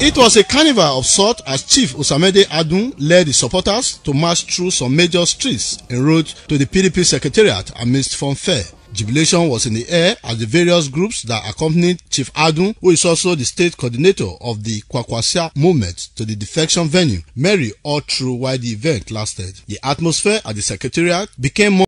It was a carnival of sorts as Chief Osamede Adun led the supporters to march through some major streets en route to the PDP secretariat amidst fanfare. Jubilation was in the air as the various groups that accompanied Chief Adun, who is also the state coordinator of the Kwakwasia movement, to the defection venue, merry all through while the event lasted. The atmosphere at the secretariat became more